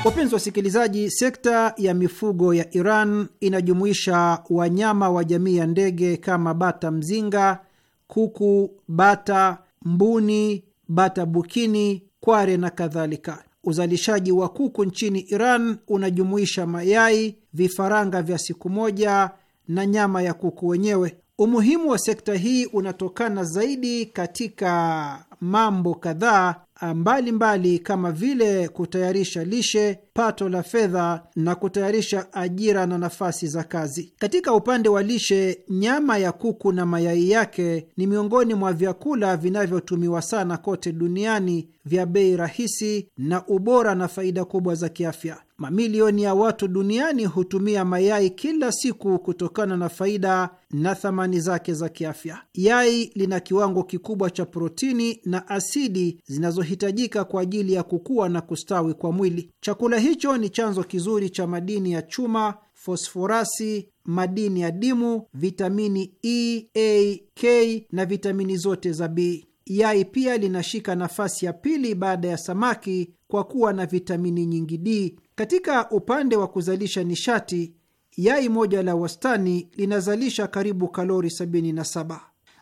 D: Wapenzi wasikilizaji, sekta ya mifugo ya Iran inajumuisha wanyama wa jamii ya ndege kama bata mzinga, kuku, bata, mbuni, bata bukini, kware na kadhalika. Uzalishaji wa kuku nchini Iran unajumuisha mayai, vifaranga vya siku moja na nyama ya kuku wenyewe. Umuhimu wa sekta hii unatokana zaidi katika mambo kadhaa mbalimbali mbali kama vile kutayarisha lishe, pato la fedha na kutayarisha ajira na nafasi za kazi. Katika upande wa lishe, nyama ya kuku na mayai yake ni miongoni mwa vyakula vinavyotumiwa sana kote duniani, vya bei rahisi na ubora na faida kubwa za kiafya. Mamilioni ya watu duniani hutumia mayai kila siku kutokana na faida na thamani zake za kiafya. Yai lina kiwango kikubwa cha protini na asidi zinazohitajika kwa ajili ya kukua na kustawi kwa mwili. Chakula hicho ni chanzo kizuri cha madini ya chuma, fosforasi, madini ya dimu, vitamini E, A, K na vitamini zote za B. Yai pia linashika nafasi ya pili baada ya samaki kwa kuwa na vitamini nyingi D. Katika upande wa kuzalisha nishati, yai moja la wastani linazalisha karibu kalori 77.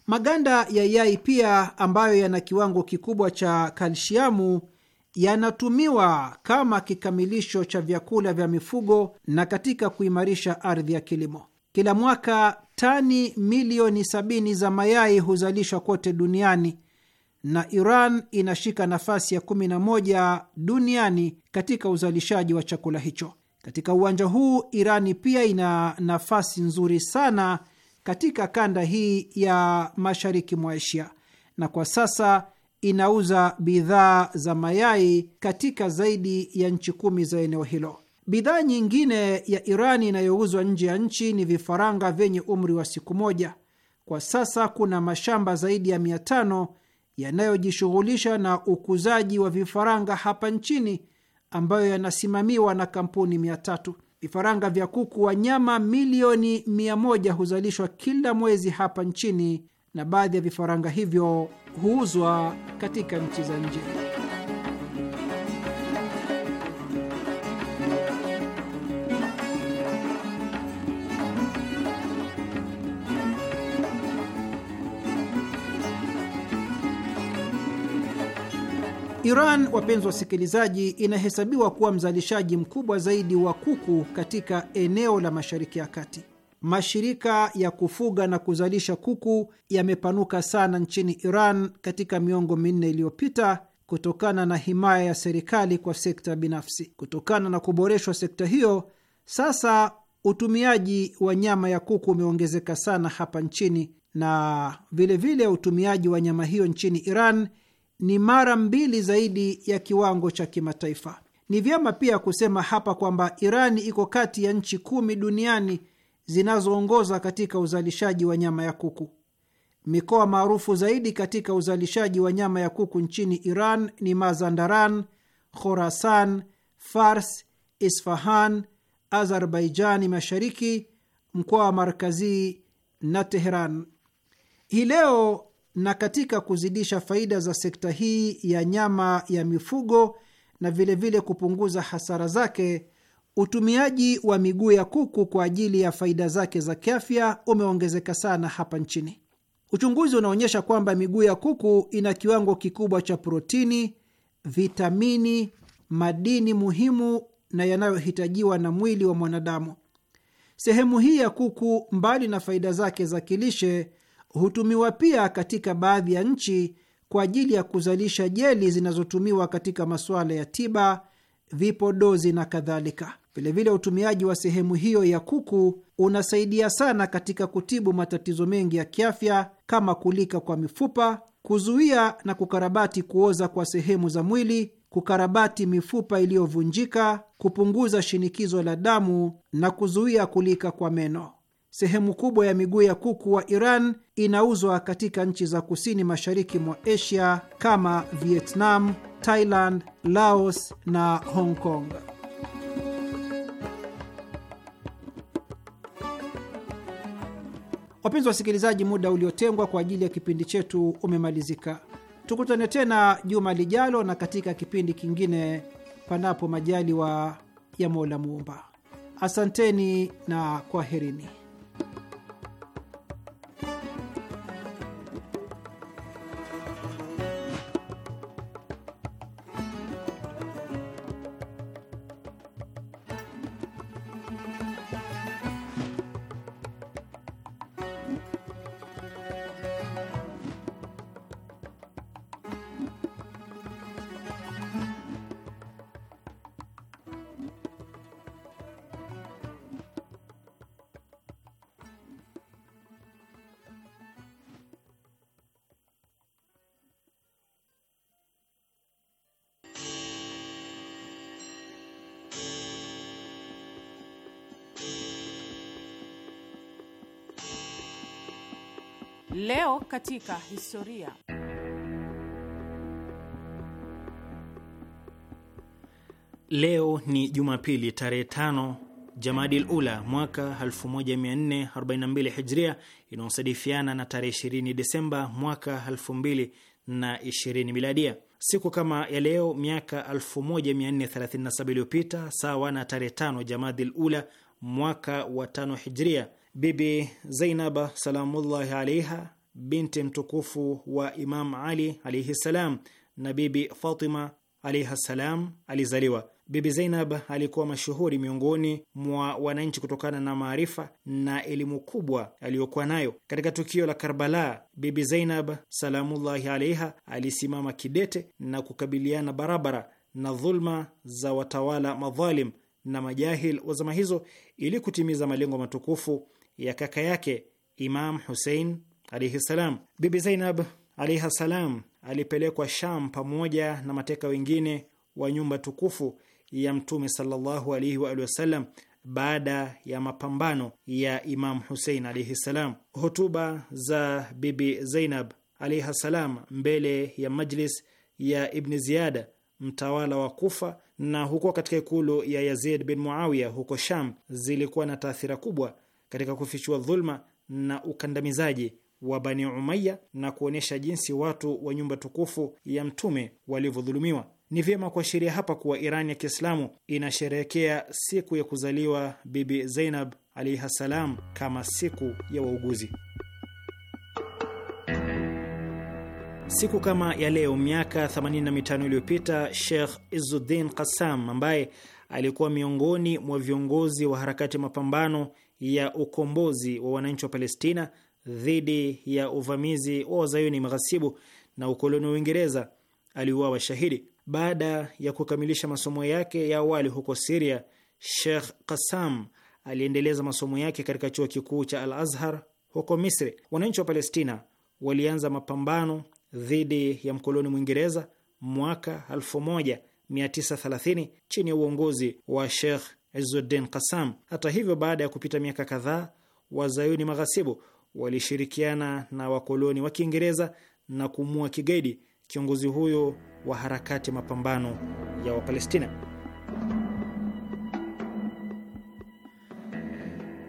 D: Maganda ya yai pia ambayo yana kiwango kikubwa cha kalsiamu yanatumiwa kama kikamilisho cha vyakula vya mifugo na katika kuimarisha ardhi ya kilimo. Kila mwaka tani milioni sabini za mayai huzalishwa kote duniani na Iran inashika nafasi ya 11 duniani katika uzalishaji wa chakula hicho. Katika uwanja huu, Irani pia ina nafasi nzuri sana katika kanda hii ya mashariki mwa Asia, na kwa sasa inauza bidhaa za mayai katika zaidi ya nchi kumi za eneo hilo. Bidhaa nyingine ya Irani inayouzwa nje ya nchi ni vifaranga vyenye umri wa siku moja. Kwa sasa kuna mashamba zaidi ya mia tano yanayojishughulisha na ukuzaji wa vifaranga hapa nchini ambayo yanasimamiwa na kampuni mia tatu. Vifaranga vya kuku wa nyama milioni mia moja huzalishwa kila mwezi hapa nchini na baadhi ya vifaranga hivyo huuzwa katika nchi za nje. Iran, wapenzi wasikilizaji, inahesabiwa kuwa mzalishaji mkubwa zaidi wa kuku katika eneo la Mashariki ya Kati mashirika ya kufuga na kuzalisha kuku yamepanuka sana nchini Iran katika miongo minne iliyopita kutokana na himaya ya serikali kwa sekta binafsi. Kutokana na kuboreshwa sekta hiyo, sasa utumiaji wa nyama ya kuku umeongezeka sana hapa nchini, na vilevile vile utumiaji wa nyama hiyo nchini Iran ni mara mbili zaidi ya kiwango cha kimataifa. Ni vyema pia kusema hapa kwamba Iran iko kati ya nchi kumi duniani zinazoongoza katika uzalishaji wa nyama ya kuku. Mikoa maarufu zaidi katika uzalishaji wa nyama ya kuku nchini Iran ni Mazandaran, Khorasan, Fars, Isfahan, Azerbaijani Mashariki, mkoa wa Markazi na Teheran. Hii leo na katika kuzidisha faida za sekta hii ya nyama ya mifugo na vilevile vile kupunguza hasara zake Utumiaji wa miguu ya kuku kwa ajili ya faida zake za kiafya umeongezeka sana hapa nchini. Uchunguzi unaonyesha kwamba miguu ya kuku ina kiwango kikubwa cha protini, vitamini, madini muhimu na yanayohitajiwa na mwili wa mwanadamu. Sehemu hii ya kuku, mbali na faida zake za kilishe, hutumiwa pia katika baadhi ya nchi kwa ajili ya kuzalisha jeli zinazotumiwa katika masuala ya tiba, vipodozi na kadhalika. Vilevile utumiaji wa sehemu hiyo ya kuku unasaidia sana katika kutibu matatizo mengi ya kiafya kama kulika kwa mifupa, kuzuia na kukarabati kuoza kwa sehemu za mwili, kukarabati mifupa iliyovunjika, kupunguza shinikizo la damu na kuzuia kulika kwa meno. Sehemu kubwa ya miguu ya kuku wa Iran inauzwa katika nchi za kusini mashariki mwa Asia kama Vietnam, Thailand, Laos na Hong Kong. Wapenzi wa wasikilizaji, muda uliotengwa kwa ajili ya kipindi chetu umemalizika. Tukutane tena juma lijalo na katika kipindi kingine, panapo majaliwa ya Mola Muumba. Asanteni na kwaherini.
A: Leo katika historia.
E: Leo ni Jumapili tarehe tano Jamadil Ula mwaka 1442 Hijria, inayosadifiana na tarehe 20 Desemba mwaka 2020 Miladia. Siku kama ya leo miaka 1437 iliyopita, sawa na tarehe tano Jamadil Ula mwaka wa tano Hijria, Bibi Zainab salamullahi alaiha binti mtukufu wa Imam Ali alaihi salam na Bibi Fatima alaihi salam alizaliwa. Bibi Zainab alikuwa mashuhuri miongoni mwa wananchi kutokana na maarifa na elimu kubwa aliyokuwa nayo. Katika tukio la Karbala, Bibi Zainab salamullahi alaiha alisimama kidete na kukabiliana barabara na dhulma za watawala madhalim na majahil wa zama hizo ili kutimiza malengo matukufu ya kaka yake Imam Husein alaihi salam. Bibi Zainab alaihi salam alipelekwa Sham pamoja na mateka wengine wa nyumba tukufu ya Mtume sallallahu alaihi wa alihi wasallam baada ya mapambano ya Imam Husein alaihi salam. Hotuba za Bibi Zainab alaihi salam mbele ya majlis ya Ibni Ziyada mtawala wa Kufa na huko katika ikulu ya Yazid bin Muawiya huko Sham zilikuwa na taathira kubwa katika kufichua dhulma na ukandamizaji wa Bani Umaya na kuonyesha jinsi watu wa nyumba tukufu ya Mtume walivyodhulumiwa. Ni vyema kuashiria hapa kuwa Iran ya Kiislamu inasherehekea siku ya kuzaliwa Bibi Zainab alaihi kama siku ya wauguzi. Siku kama ya leo miaka 85 iliyopita Sheikh Izzuddin Qassam ambaye alikuwa miongoni mwa viongozi wa harakati mapambano ya ukombozi wa wananchi wa Palestina dhidi ya uvamizi wa wazayuni maghasibu na ukoloni wa Uingereza aliuawa shahidi. Baada ya kukamilisha masomo yake ya awali huko Siria, Sheikh Qassam aliendeleza masomo yake katika chuo kikuu cha Al Azhar huko Misri. Wananchi wa Palestina walianza mapambano dhidi ya mkoloni Mwingereza mwaka 1930 chini ya uongozi wa Sheikh Izzuddin Qassam. Hata hivyo, baada ya kupita miaka kadhaa, wazayuni maghasibu walishirikiana na wakoloni wa Kiingereza na kumua kigaidi kiongozi huyo wa harakati mapambano ya Wapalestina.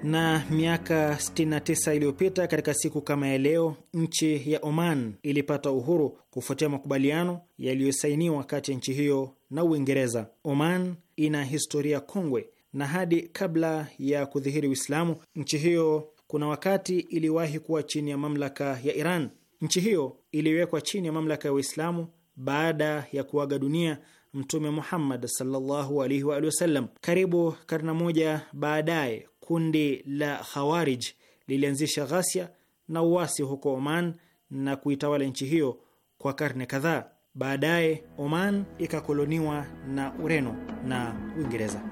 E: na miaka 69 iliyopita katika siku kama ya leo, nchi ya Oman ilipata uhuru kufuatia makubaliano yaliyosainiwa kati ya nchi hiyo na Uingereza. Oman ina historia kongwe na hadi kabla ya kudhihiri Uislamu, nchi hiyo kuna wakati iliwahi kuwa chini ya mamlaka ya Iran. Nchi hiyo iliwekwa chini ya mamlaka ya Uislamu baada ya kuaga dunia Mtume Muhammad sallallahu alaihi wa wasallam. Karibu karna moja baadaye, kundi la Khawarij lilianzisha ghasia na uasi huko Oman na kuitawala nchi hiyo kwa karne kadhaa. Baadaye Oman ikakoloniwa na Ureno na Uingereza.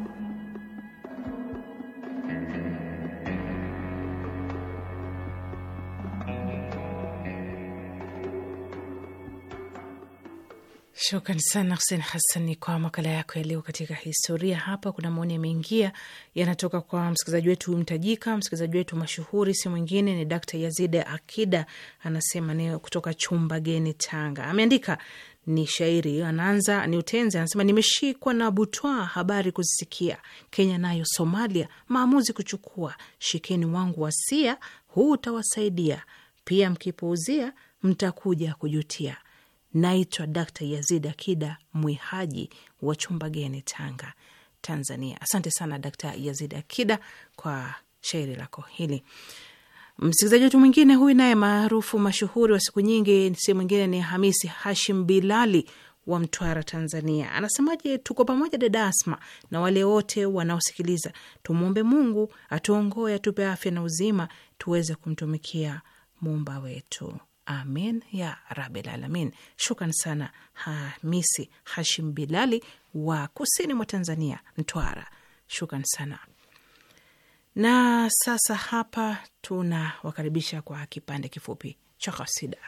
A: Shukran sana Hussein Hassani kwa makala yako ya leo katika historia. Hapa kuna maoni yameingia, yanatoka kwa msikilizaji wetu mtajika, msikilizaji wetu mashuhuri, si mwingine ni Dkt Yazid Akida, anasema ni kutoka chumba geni Tanga. Ameandika ni shairi, anaanza ni utenzi, anasema nimeshikwa na butwa, habari kuzisikia, Kenya nayo Somalia maamuzi kuchukua, shikeni wangu wasia, huu utawasaidia pia, mkipuuzia mtakuja kujutia Naitwa Dkt Yazid Akida Mwihaji wa Chumbageni, Tanga, Tanzania. Asante sana Dkt Yazid Akida kwa shairi lako hili. Msikilizaji wetu mwingine huyu naye maarufu mashuhuri wa siku nyingi, si mwingine ni Hamisi Hashim Bilali wa Mtwara, Tanzania. Anasemaje? Tuko pamoja dada Asma na wale wote wanaosikiliza. Tumwombe Mungu atuongoe, atupe afya na uzima, tuweze kumtumikia muumba wetu amin ya rabil alamin. Shukran sana Hamisi Hashim Bilali wa kusini mwa Tanzania, Mtwara, shukran sana. Na sasa hapa tunawakaribisha kwa kipande kifupi cha kasida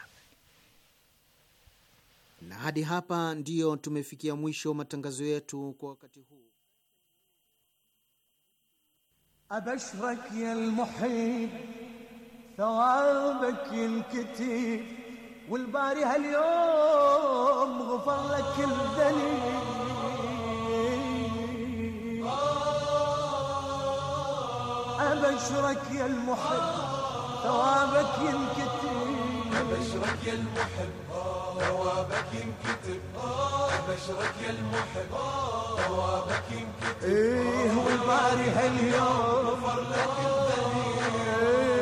D: na hadi hapa ndiyo tumefikia mwisho wa matangazo yetu kwa wakati
E: huu.
F: abashrak ya almuhib ثوابك ينكتب والباري هاليوم غفر لك الذنب أبشرك يا المحب ثوابك ينكتب أبشرك يا المحب ثوابك ينكتب أبشرك يا المحب ثوابك ينكتب إيه والباري هاليوم غفر لك الذنب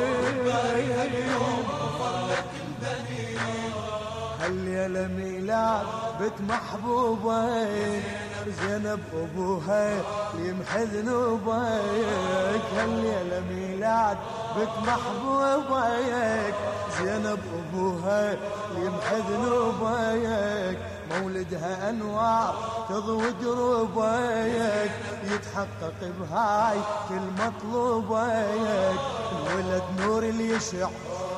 F: يا لميلاد بنت محبوبه زينب أبوها يمحي ذنوبك يا لميلاد بنت محبوبك زينب أبوها يمحي ذنوبك مولدها أنوار تضوي دروبك يتحقق بهاي كل مطلوبك الولد نور اللي يشع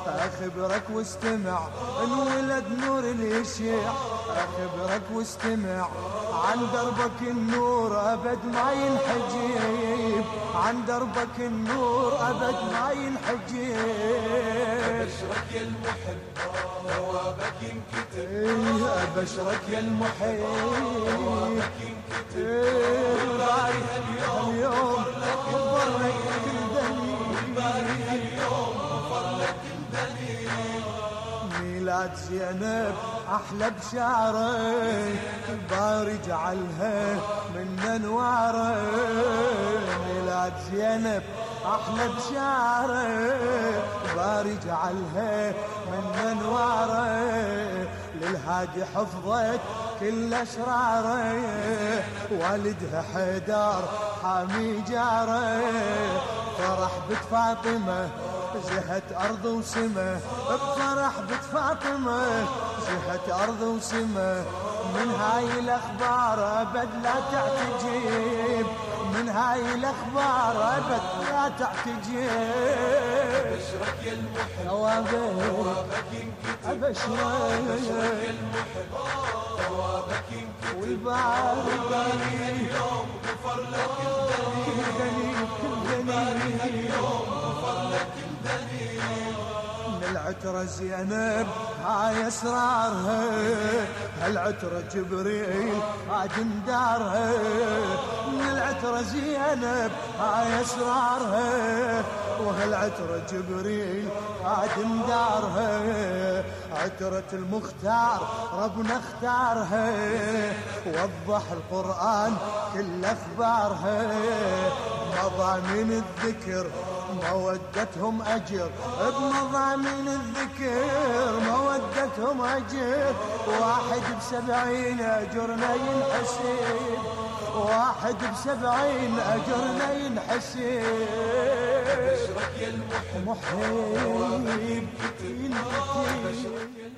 F: اخبرك واستمع ولد نور اللي اخبرك واستمع عن دربك النور ابد ما ينحجيب عن دربك النور ابد ما ينحجيب ابشرك يا المحب ثوابك ينكتب إيه، ابشرك يا المحب ثوابك ينكتب إيه، اليوم اليوم كل دني زاد زينب احلى بشعري بارج عليها من منواري ميلاد زينب احلى بشعري بارج عليها من منواري للهادي حفظت كل اشراري والدها حيدار حامي جاري فرح بك فاطمه زهت أرض وسما بفرح بنت فاطمة زهت أرض وسما من هاي الأخبار أبد لا تعتجب من هاي الأخبار أبد لا تعتجب أبشرك يا المحب ثوابك ينكتب أبشرك يا المحب ثوابك ينكتب والباري اليوم كفر لك الدليل كل دليل كل دليل العترة زينب هاي اسرارها هالعترة جبريل عدم دارها من العترة زينب هاي اسرارها وهالعترة جبريل عدم دارها عترة المختار ربنا اختارها وضح القرآن كل اخبارها من الذكر مودتهم أجر بمضامين الذكر مودتهم أجر واحد بسبعين أجرنا ينحسب واحد بسبعين أجرنا ينحسب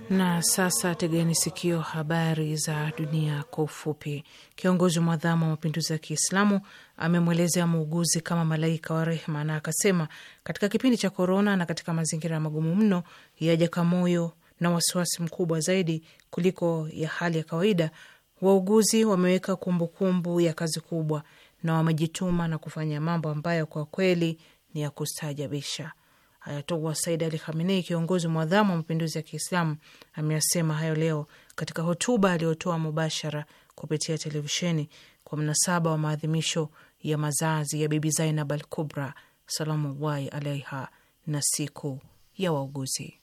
A: na sasa tegeni sikio, habari za dunia kwa ufupi. Kiongozi mwadhamu wa mapinduzi ya Kiislamu amemwelezea muuguzi kama malaika wa rehma, na akasema katika kipindi cha korona na katika mazingira ya magumu mno ya Jakamoyo na wasiwasi mkubwa zaidi kuliko ya hali ya kawaida, wauguzi wameweka kumbukumbu ya kazi kubwa na wamejituma na kufanya mambo ambayo kwa kweli ni ya kustaajabisha. Ayatollah Said Ali Khamenei, kiongozi mwadhamu wa mapinduzi ya Kiislamu, ameyasema hayo leo katika hotuba aliyotoa mubashara kupitia televisheni kwa mnasaba wa maadhimisho ya mazazi ya Bibi Zainab al Kubra salamullahi alaiha na siku ya wauguzi.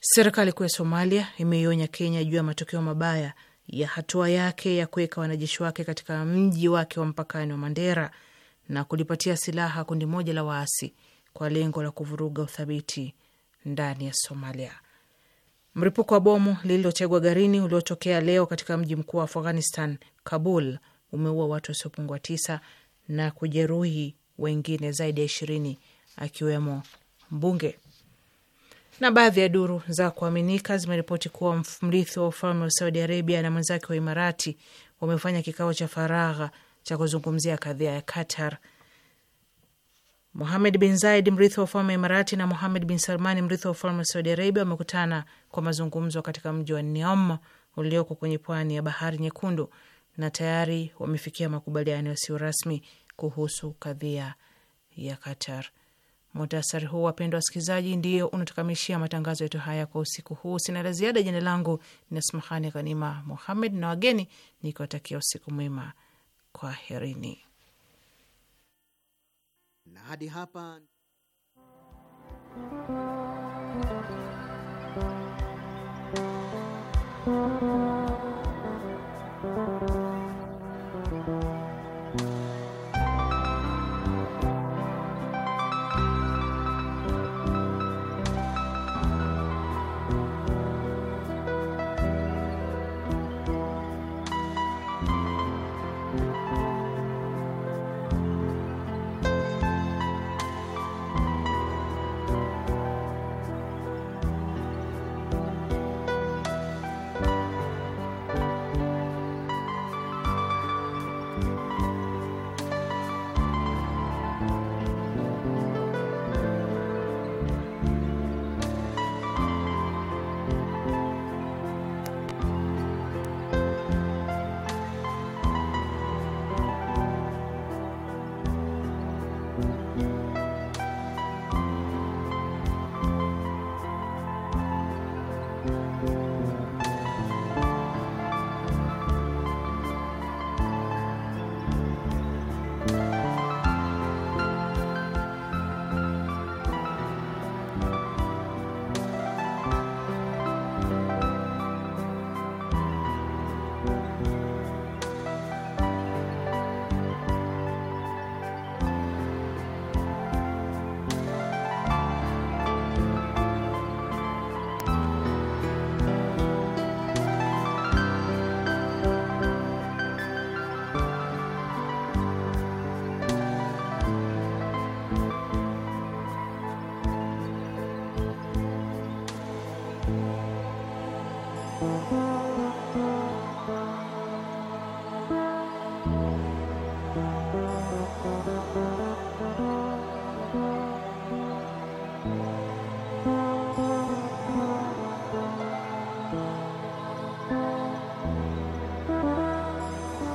A: Serikali kuu ya Somalia imeionya Kenya juu ya matokeo mabaya ya hatua yake ya kuweka wanajeshi wake katika mji wake wa mpakani wa Mandera na kulipatia silaha kundi moja la waasi kwa lengo la kuvuruga uthabiti ndani ya Somalia. Mripuko wa bomu lililotegwa garini uliotokea leo katika mji mkuu wa Afghanistan, Kabul, umeua watu wasiopungua tisa na kujeruhi wengine zaidi ya ishirini akiwemo mbunge. Na baadhi ya duru za kuaminika zimeripoti kuwa mrithi wa ufalme wa Saudi Arabia na mwenzake wa Imarati wamefanya kikao cha faragha cha kuzungumzia kadhia ya Qatar. Muhamed bin Zaid, mrithi wa ufalme wa Imarati, na Muhamed bin Salmani, mrithi wa ufalme wa Saudi Arabia, wamekutana kwa mazungumzo katika mji wa Neom ulioko kwenye pwani ya bahari Nyekundu na tayari wamefikia makubaliano yasiyo rasmi kuhusu kadhia ya Qatar. Muhtasari huu wapendwa wasikilizaji, ndio unatukamilishia matangazo yetu haya kwa usiku huu. Sina la ziada. Jina langu ni Asmahani Ghanima Muhammed na wageni nikiwatakia usiku mwema, kwa herini
D: na hadi hapa